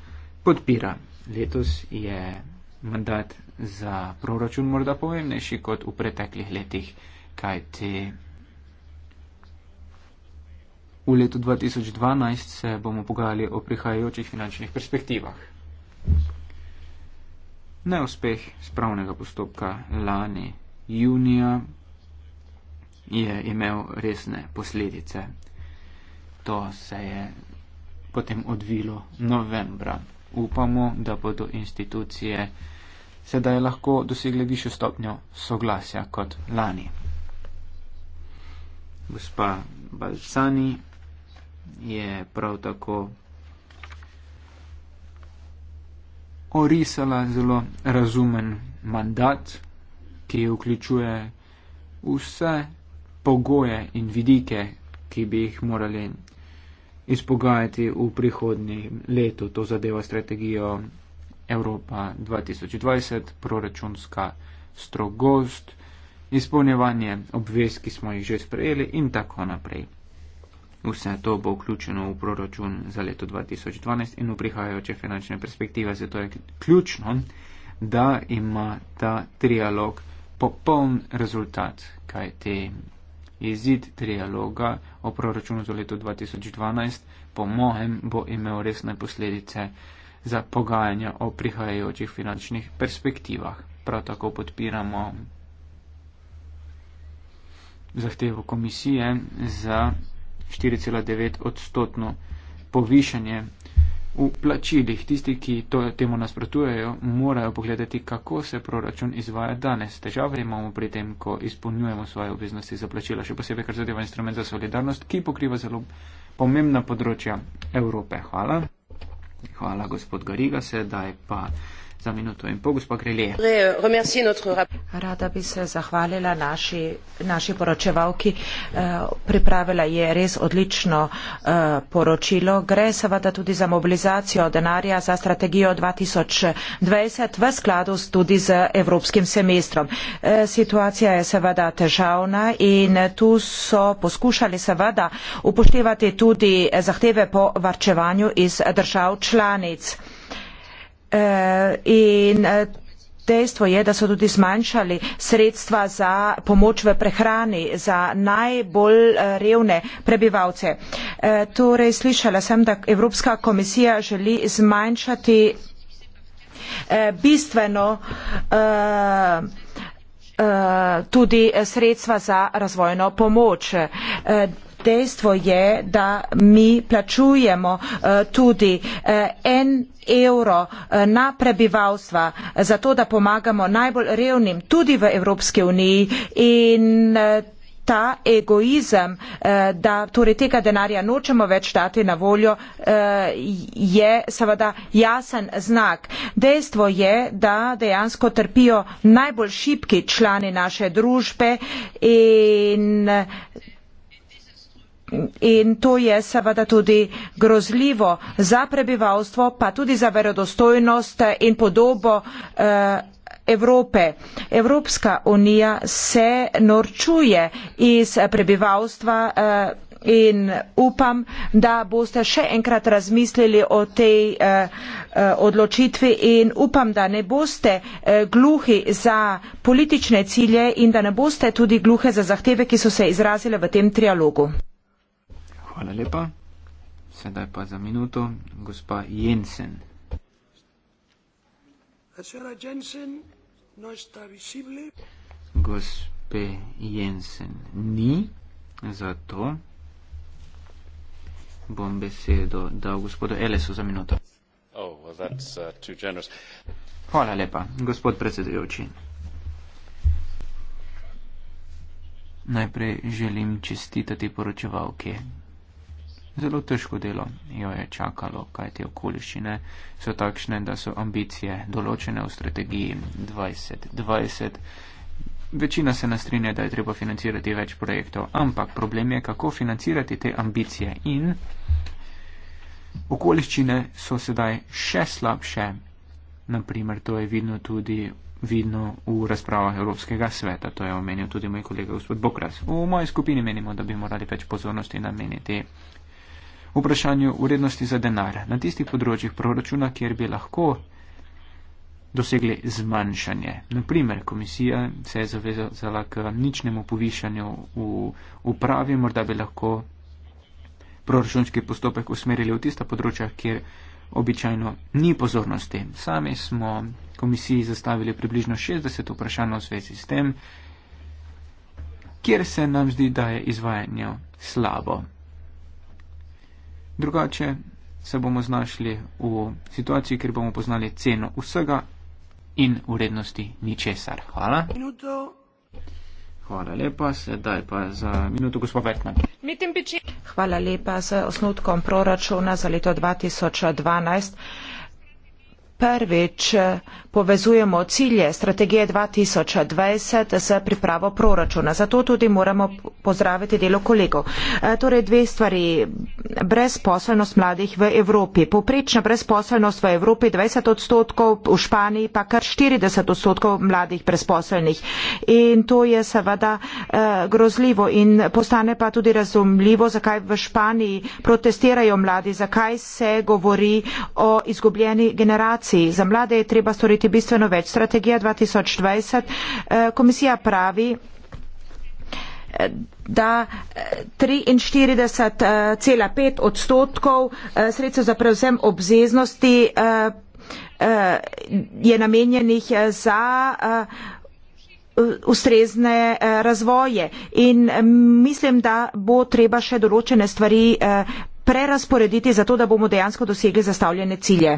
podpira. Letos je mandat za proračun morda pomembnejši kot v preteklih letih, kajti v letu 2012 se bomo pogajali o prihajajočih finančnih perspektivah. Neuspeh spravnega postopka lani junija je imel resne posledice. To se je potem odvilo novembra. Upamo, da bodo institucije sedaj lahko dosegle višjo stopnjo soglasja kot lani. Gospa Balcani je prav tako orisala zelo razumen mandat, ki vključuje vse pogoje in vidike, ki bi jih morali izpogajati v prihodnji letu. To zadeva strategijo Evropa 2020, proračunska strogost, izpolnjevanje obvez, ki smo jih že sprejeli in tako naprej. Vse to bo vključeno v proračun za leto 2012 in v prihajajoče finančne perspektive, zato je ključno, da ima ta trialog popoln rezultat, kaj te izid trialoga o proračunu za leto 2012, po mojem, bo imel resne posledice za pogajanja o prihajajočih finančnih perspektivah. Prav tako podpiramo zahtevo komisije za 4,9 odstotno povišanje V plačilih tisti, ki to, temu nasprotujejo, morajo pogledati, kako se proračun izvaja danes. Težave imamo pri tem, ko izpolnjujemo svoje obveznosti za plačila, še posebej, kar zadeva instrument za solidarnost, ki pokriva zelo pomembna področja Evrope. Hvala. Hvala, gospod Gariga, sedaj pa za minuto in pol, gospod Grelje. Rada bi se zahvalila naši, naši poročevalki. Eh, pripravila je res odlično eh, poročilo. Gre seveda tudi za mobilizacijo denarja za strategijo 2020 v skladu tudi z evropskim semestrom. Eh, situacija je seveda težavna in tu so poskušali seveda upoštevati tudi zahteve po varčevanju iz držav članic. Eh, in eh, dejstvo je, da so tudi zmanjšali sredstva za pomoč v prehrani za najbolj eh, revne prebivalce. Torej, slišala sem, da Evropska komisija želi zmanjšati bistveno tudi sredstva za razvojno pomoč dejstvo je, da mi plačujemo eh, tudi eh, en evro eh, na prebivalstva za to, da pomagamo najbolj revnim tudi v Evropski uniji in ta egoizem, da torej tega denarja nočemo več dati na voljo, je seveda jasen znak. Dejstvo je, da dejansko trpijo najbolj šipki člani naše družbe in In to je seveda tudi grozljivo za prebivalstvo, pa tudi za verodostojnost in podobo eh, Evrope. Evropska unija se norčuje iz prebivalstva eh, in upam, da boste še enkrat razmislili o tej eh, odločitvi in upam, da ne boste gluhi za politične cilje in da ne boste tudi gluhe za zahteve, ki so se izrazile v tem trialogu. Hvala lepa. Sedaj pa za minuto gospa Jensen. Jensen no Gospe Jensen ni, zato bom besedo dal gospodu Elesu za minuto. Oh, well, that's, uh, too Hvala lepa, gospod predsedujoči. Najprej želim čestitati poročevalke Zelo težko delo jo je čakalo, kaj te okoliščine so takšne, da so ambicije določene v strategiji 2020. Večina se nastrinja, da je treba financirati več projektov, ampak problem je, kako financirati te ambicije in okoliščine so sedaj še slabše. Naprimer, to je vidno tudi vidno v razpravah Evropskega sveta, to je omenil tudi moj kolega gospod Bokras. V moji skupini menimo, da bi morali več pozornosti nameniti vprašanju urednosti za denar, na tistih področjih proračuna, kjer bi lahko dosegli zmanjšanje. Naprimer, komisija se je zavezala k ničnemu povišanju v upravi, morda bi lahko proračunski postopek usmerili v tista področja, kjer običajno ni pozornosti. Sami smo komisiji zastavili približno 60 vprašanj v zvezi s tem, kjer se nam zdi, da je izvajanje slabo drugače se bomo znašli v situaciji, kjer bomo poznali ceno vsega in vrednosti ničesar. Hvala. Minuto. Hvala lepa, sedaj pa za minuto gospod Vetman. Hvala lepa za osnutkom proračuna za leto 2012 prvič eh, povezujemo cilje strategije 2020 z pripravo proračuna. Zato tudi moramo pozdraviti delo kolegov. Eh, torej dve stvari. Brezposelnost mladih v Evropi. Poprečna brezposelnost v Evropi 20 odstotkov, v Španiji pa kar 40 odstotkov mladih brezposelnih. In to je seveda eh, grozljivo in postane pa tudi razumljivo, zakaj v Španiji protestirajo mladi, zakaj se govori o izgubljeni generaciji korupciji. Za mlade je treba storiti bistveno več. Strategija 2020, eh, komisija pravi, eh, da 43,5 eh, odstotkov sredstev za prevzem obveznosti je namenjenih za ustrezne razvoje. In mm, mislim, da bo treba še določene stvari prerasporediti, zato da bomo dejansko dosegli zastavljene cilje.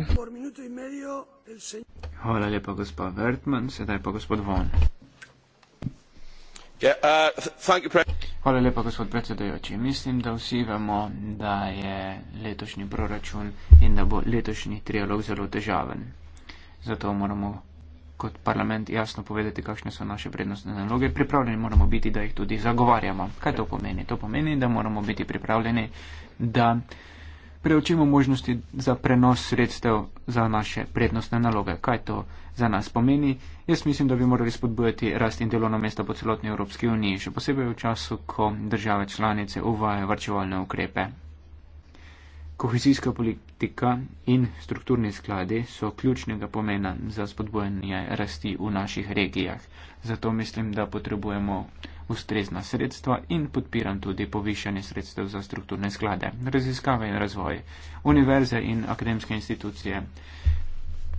Hvala lepa, gospa Wertmann. Sedaj pa gospod Von. Uh, Hvala lepa, gospod predsedujoči. Mislim, da vsi vemo, da je letošnji proračun in da bo letošnji trialog zelo težaven. Zato moramo kot parlament jasno povedati, kakšne so naše prednostne naloge. Pripravljeni moramo biti, da jih tudi zagovarjamo. Kaj to pomeni? To pomeni, da moramo biti pripravljeni, da preučimo možnosti za prenos sredstev za naše prednostne naloge. Kaj to za nas pomeni? Jaz mislim, da bi morali spodbujati rast in delovno mesto po celotni Evropski uniji, še posebej v času, ko države članice uvajajo varčevalne ukrepe. Kohezijska politika in strukturni skladi so ključnega pomena za spodbujanje rasti v naših regijah. Zato mislim, da potrebujemo ustrezna sredstva in podpiram tudi povišanje sredstev za strukturne sklade, raziskave in razvoj, univerze in akademske institucije.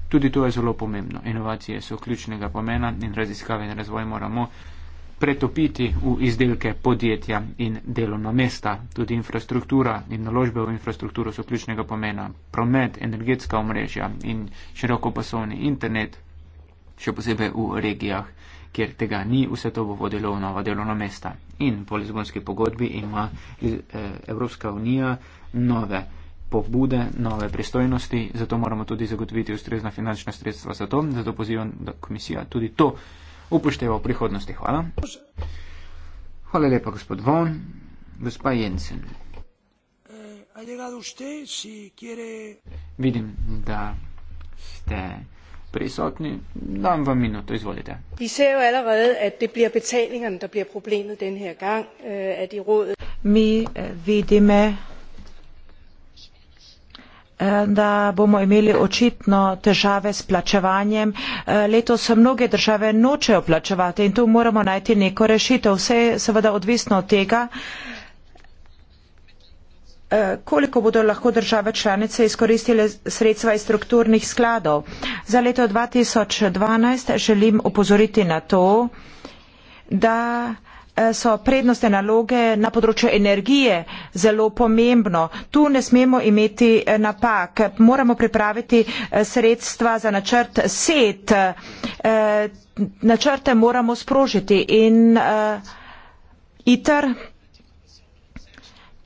Tudi to je zelo pomembno. Inovacije so ključnega pomena in raziskave in razvoj moramo pretopiti v izdelke podjetja in delovna mesta. Tudi infrastruktura in naložbe v infrastrukturo so ključnega pomena. Promet, energetska omrežja in širokopasovni internet, še posebej v regijah, kjer tega ni, vse to bo vodilo v nova delovna mesta. In po Lizbonski pogodbi ima eh, Evropska unija nove pobude, nove pristojnosti, zato moramo tudi zagotoviti ustrezna finančna sredstva za to, zato pozivam, da komisija tudi to upošteva v prihodnosti. Hvala. Hvala lepa, gospod Von. Gospa Jensen. Eh, Vidim, da ste prisotni, dam vam minuto, izvolite. Vi ser jo allerede, at det bliver betalingerne, der bliver problemet den her gang, øh, at i rådet... Mi eh, vidime, eh, da bomo imeli očitno težave s plačevanjem. Eh, letos se mnoge države nočejo plačevati in tu moramo najti neko rešitev. Vse je seveda odvisno od tega, Eh, koliko bodo lahko države članice izkoristile sredstva iz strukturnih skladov. Za leto 2012 želim upozoriti na to, da eh, so prednostne naloge na področju energije zelo pomembno. Tu ne smemo imeti eh, napak. Moramo pripraviti sredstva za načrt SET. Načrte moramo sprožiti in ITER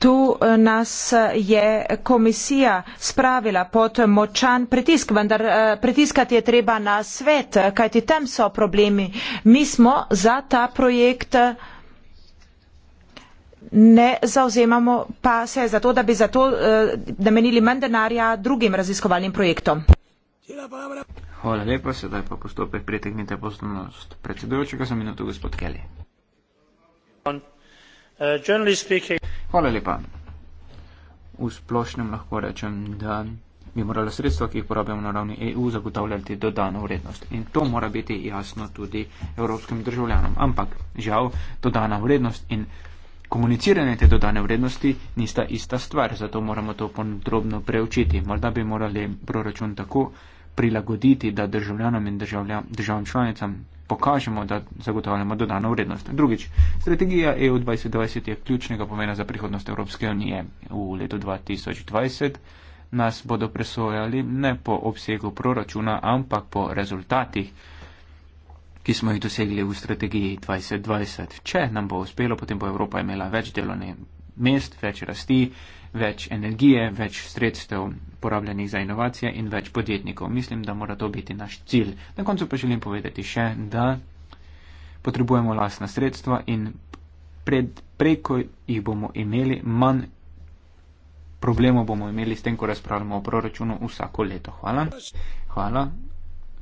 tu eh, nas eh, je komisija spravila pod močan pritisk, vendar eh, pritiskati je treba na svet, kajti tam so problemi. Mi smo za ta projekt ne zauzemamo pa se zato, da bi zato eh, namenili manj denarja drugim raziskovalnim projektom. Hvala lepa, sedaj pa postopek pritegnite poslovnost predsedujočega za minuto, gospod Kelly. Uh, Hvala lepa. V splošnem lahko rečem, da bi morala sredstva, ki jih porabljamo na ravni EU, zagotavljati dodano vrednost. In to mora biti jasno tudi evropskim državljanom. Ampak žal, dodana vrednost in komuniciranje te dodane vrednosti nista ista stvar, zato moramo to podrobno preučiti. Morda bi morali proračun tako prilagoditi, da državljanom in državljam, državam članicam pokažemo, da zagotavljamo dodano vrednost. Drugič, strategija EU 2020 je ključnega pomena za prihodnost Evropske unije. V letu 2020 nas bodo presojali ne po obsegu proračuna, ampak po rezultatih, ki smo jih dosegli v strategiji 2020. Če nam bo uspelo, potem bo Evropa imela več delovnih mest, več rasti, več energije, več sredstev porabljenih za inovacije in več podjetnikov. Mislim, da mora to biti naš cilj. Na koncu pa želim povedati še, da potrebujemo lasna sredstva in pred, preko jih bomo imeli manj. Problemo bomo imeli s tem, ko razpravljamo o proračunu vsako leto. Hvala. Hvala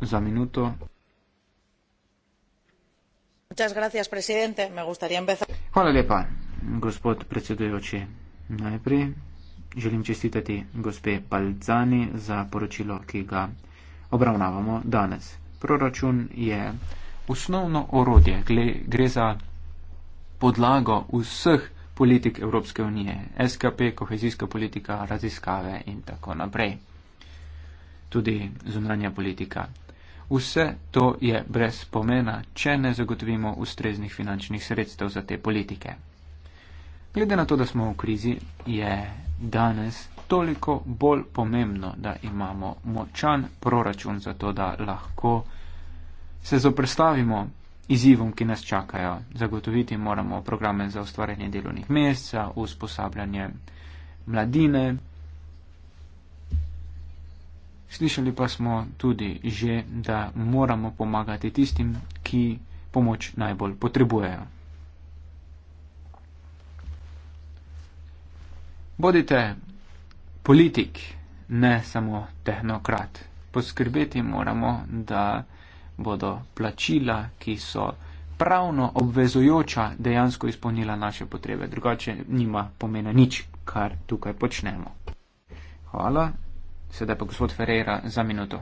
za minuto. Hvala lepa, gospod predsedujoči. Najprej želim čestitati gospe Balzani za poročilo, ki ga obravnavamo danes. Proračun je osnovno orodje, gre za podlago vseh politik Evropske unije, SKP, kohezijska politika, raziskave in tako naprej. Tudi zunanja politika. Vse to je brez pomena, če ne zagotovimo ustreznih finančnih sredstev za te politike. Glede na to, da smo v krizi, je danes toliko bolj pomembno, da imamo močan proračun za to, da lahko se zoprstavimo izzivom, ki nas čakajo. Zagotoviti moramo programe za ustvarjanje delovnih mest, za usposabljanje mladine. Slišali pa smo tudi že, da moramo pomagati tistim, ki pomoč najbolj potrebujejo. Bodite politik, ne samo tehnokrat. Poskrbeti moramo, da bodo plačila, ki so pravno obvezujoča, dejansko izpolnila naše potrebe. Drugače nima pomena nič, kar tukaj počnemo. Hvala. Sedaj pa gospod Ferreira za minuto.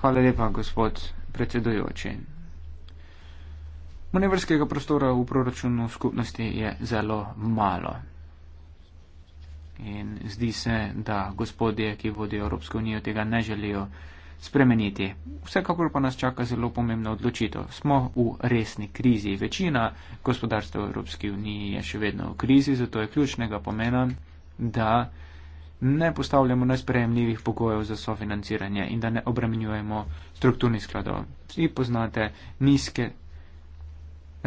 Hvala lepa, gospod predsedujoči manevrskega prostora v proračunu skupnosti je zelo malo. In zdi se, da gospodje, ki vodijo Evropsko unijo, tega ne želijo spremeniti. Vsekakor pa nas čaka zelo pomembna odločitev. Smo v resni krizi. Večina gospodarstva v Evropski uniji je še vedno v krizi, zato je ključnega pomena, da ne postavljamo nesprejemljivih pogojev za sofinanciranje in da ne obremenjujemo strukturnih skladov. Vsi poznate nizke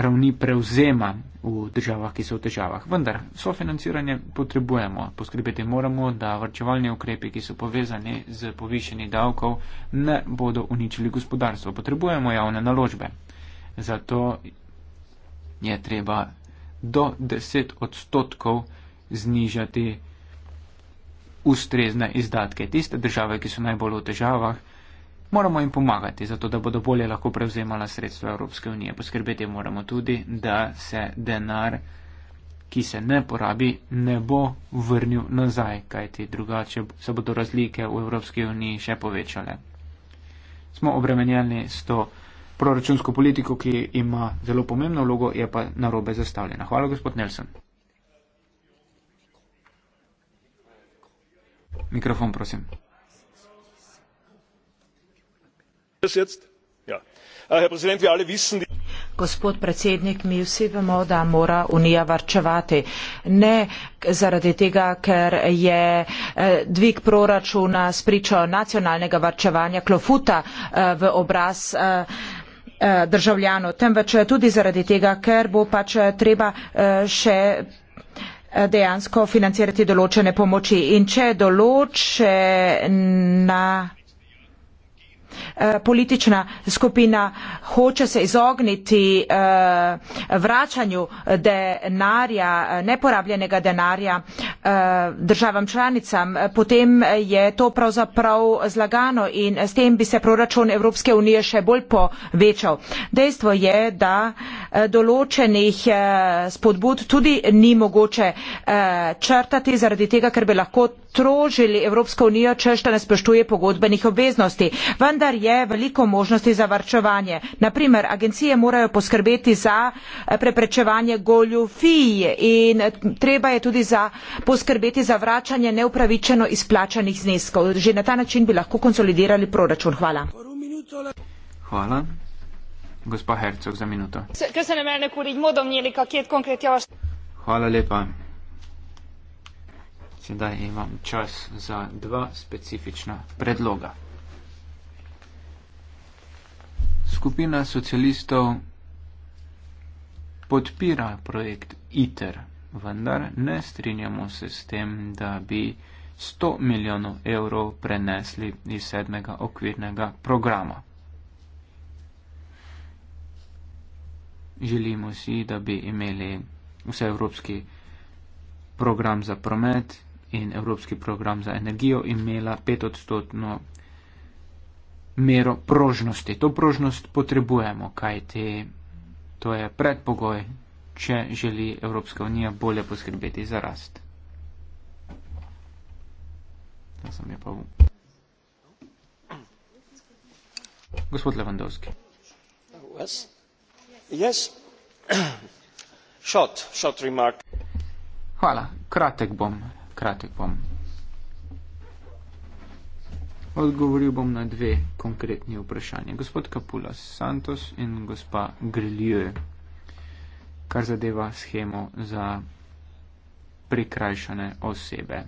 ravni prevzema v državah, ki so v težavah. Vendar sofinanciranje potrebujemo. Poskrbeti moramo, da vrčevalni ukrepi, ki so povezani z povišenji davkov, ne bodo uničili gospodarstvo. Potrebujemo javne naložbe. Zato je treba do 10 odstotkov znižati ustrezne izdatke. Tiste države, ki so najbolj v težavah, Moramo jim pomagati, zato da bodo bolje lahko prevzemala sredstva Evropske unije. Poskrbeti moramo tudi, da se denar, ki se ne porabi, ne bo vrnil nazaj, kajti drugače se bodo razlike v Evropski uniji še povečale. Smo obremenjeni s to proračunsko politiko, ki ima zelo pomembno vlogo, je pa narobe zastavljena. Hvala, gospod Nelson. Mikrofon, prosim. Ja. Äh, gospod predsednik mi vsi vemo da mora unija varčevati ne zaradi tega ker je eh, dvig proračuna spričo nacionalnega varčevanja klofuta eh, v obraz eh, državljanov temveč tudi zaradi tega ker bo pač treba še dejansko financirati določene pomoči in če določena Eh, politična skupina hoče se izogniti eh, vračanju eh, denarja, neporabljenega denarja državam članicam, potem je to pravzaprav zlagano in s tem bi se proračun Evropske unije še bolj povečal. Dejstvo je, da določenih spodbud tudi ni mogoče črtati zaradi tega, ker bi lahko trožili Evropsko unijo, če še ne spoštuje pogodbenih obveznosti. Vendar vendar je veliko možnosti za varčevanje. Naprimer, agencije morajo poskrbeti za eh, preprečevanje goljufij in eh, treba je tudi za poskrbeti za vračanje neupravičeno izplačanih zneskov. Že na ta način bi lahko konsolidirali proračun. Hvala. Hvala. Gospa Hercog za minuto. Ker se ne mene kurit modom, nije li kakjet konkret javaš. Hvala lepa. Sedaj imam čas za dva specifična predloga. Skupina socialistov podpira projekt ITER, vendar ne strinjamo se s tem, da bi 100 milijonov evrov prenesli iz sedmega okvirnega programa. Želimo si, da bi imeli vse evropski program za promet in evropski program za energijo imela 5-odstotno mero prožnosti. To prožnost potrebujemo, kajti to je predpogoj, če želi Evropska unija bolje poskrbeti za rast. Gospod Levandovski. Hvala, kratek bom. Kratek bom. Odgovoril bom na dve konkretni vprašanje. Gospod Kapula Santos in gospa Grilje, kar zadeva schemo za prikrajšane osebe.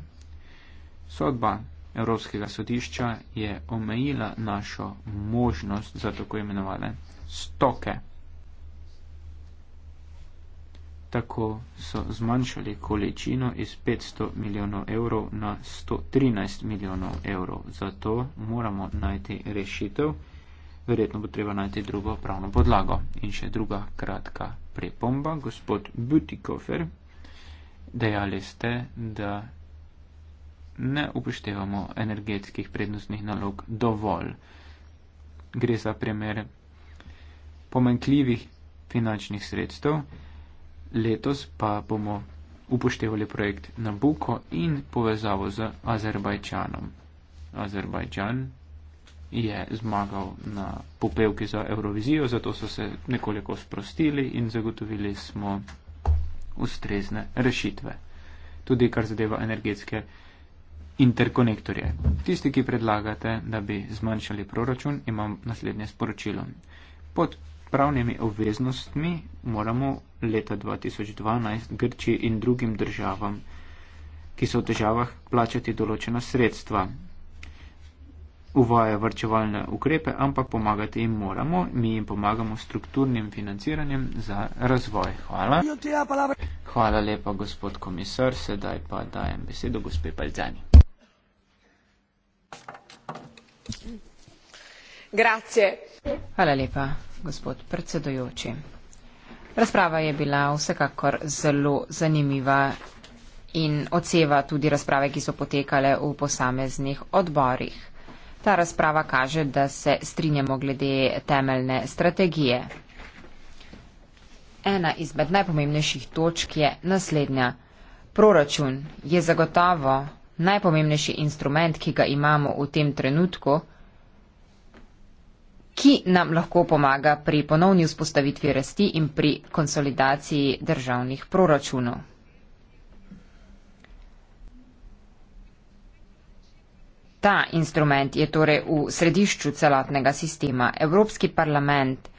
Sodba Evropskega sodišča je omejila našo možnost za tako imenovane stoke. Tako so zmanjšali količino iz 500 milijonov evrov na 113 milijonov evrov. Zato moramo najti rešitev. Verjetno bo treba najti drugo pravno podlago. In še druga kratka prepomba. Gospod Butikofer, dejali ste, da ne upoštevamo energetskih prednostnih nalog dovolj. Gre za primer pomenkljivih finančnih sredstev letos pa bomo upoštevali projekt Nabuko in povezavo z Azerbajčanom. Azerbajčan je zmagal na popevki za Eurovizijo, zato so se nekoliko sprostili in zagotovili smo ustrezne rešitve. Tudi kar zadeva energetske interkonektorje. Tisti, ki predlagate, da bi zmanjšali proračun, imam naslednje sporočilo. Pod pravnimi obveznostmi moramo leta 2012 Grčiji in drugim državam, ki so v težavah plačati določena sredstva. Uvaja vrčevalne ukrepe, ampak pomagati jim moramo, mi jim pomagamo s strukturnim financiranjem za razvoj. Hvala. Hvala lepa, gospod komisar, sedaj pa dajem besedo gospe Paljani. Hvala lepa, gospod predsedojoči. Razprava je bila vsekakor zelo zanimiva in odseva tudi razprave, ki so potekale v posameznih odborih. Ta razprava kaže, da se strinjamo glede temeljne strategije. Ena izmed najpomembnejših točk je naslednja. Proračun je zagotovo najpomembnejši instrument, ki ga imamo v tem trenutku, ki nam lahko pomaga pri ponovni vzpostavitvi rasti in pri konsolidaciji državnih proračunov. Ta instrument je torej v središču celotnega sistema. Evropski parlament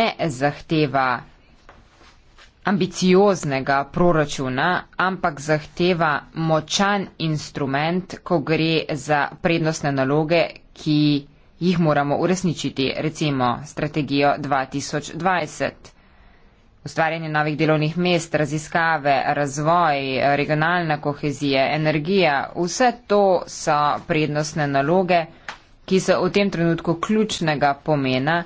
ne zahteva ambicioznega proračuna, ampak zahteva močan instrument, ko gre za prednostne naloge, ki jih moramo uresničiti, recimo strategijo 2020. Ustvarjanje novih delovnih mest, raziskave, razvoj, regionalna kohezija, energija, vse to so prednostne naloge, ki so v tem trenutku ključnega pomena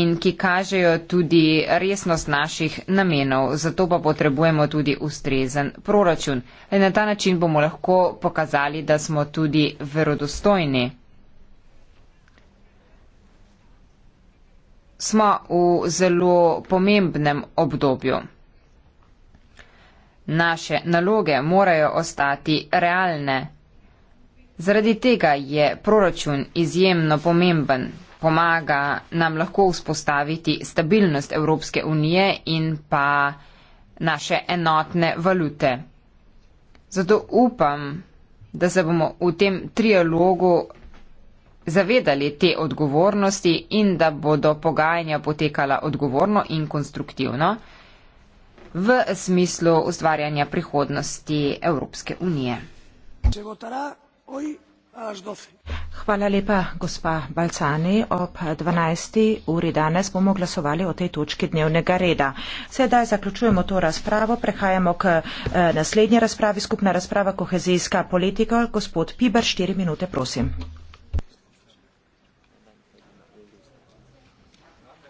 in ki kažejo tudi resnost naših namenov. Zato pa potrebujemo tudi ustrezen proračun. In na ta način bomo lahko pokazali, da smo tudi verodostojni. smo v zelo pomembnem obdobju. Naše naloge morajo ostati realne. Zaradi tega je proračun izjemno pomemben. Pomaga nam lahko vzpostaviti stabilnost Evropske unije in pa naše enotne valute. Zato upam, da se bomo v tem trialogu zavedali te odgovornosti in da bodo pogajanja potekala odgovorno in konstruktivno v smislu ustvarjanja prihodnosti Evropske unije. Hvala lepa, gospa Balcani. Ob 12. uri danes bomo glasovali o tej točki dnevnega reda. Sedaj zaključujemo to razpravo. Prehajamo k eh, naslednji razpravi, skupna razprava kohezijska politika. Gospod Piber, 4 minute, prosim.